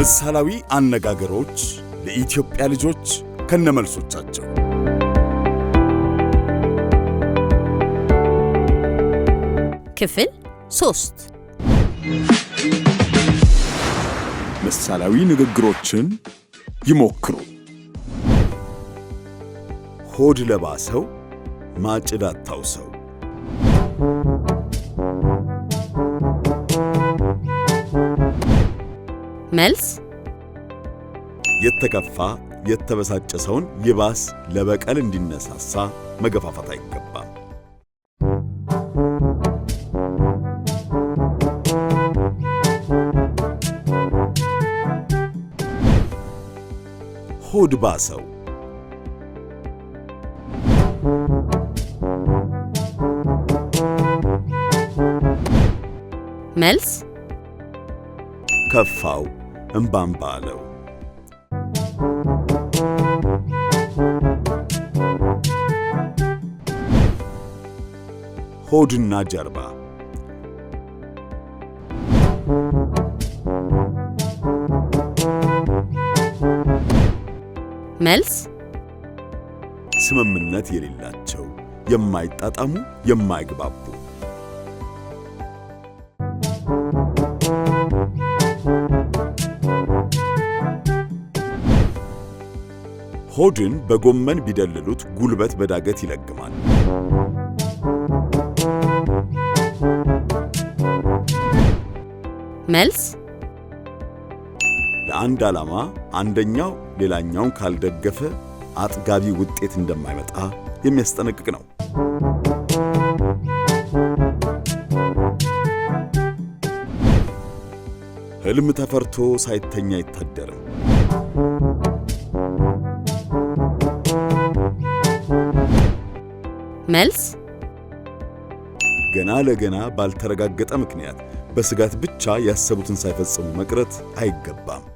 ምሳሌያዊ አነጋገሮች ለኢትዮጵያ ልጆች ከነመልሶቻቸው ክፍል ሶስት ምሳሌያዊ ንግግሮችን ይሞክሩ። ሆድ ለባሰው ማጭድ አታውሰው። መልስ የተከፋ የተበሳጨ ሰውን ይባስ ለበቀል እንዲነሳሳ መገፋፋት አይገባም። ሆድ ባሰው። መልስ ከፋው። እምባምባ አለው። ሆድና ጀርባ መልስ ስምምነት የሌላቸው የማይጣጣሙ የማይግባቡ ሆድን በጎመን ቢደልሉት ጉልበት በዳገት ይለግማል። መልስ ለአንድ ዓላማ አንደኛው ሌላኛውን ካልደገፈ አጥጋቢ ውጤት እንደማይመጣ የሚያስጠነቅቅ ነው። ሕልም ተፈርቶ ሳይተኛ አይታደርም። መልስ ገና ለገና ባልተረጋገጠ ምክንያት በስጋት ብቻ ያሰቡትን ሳይፈጽሙ መቅረት አይገባም።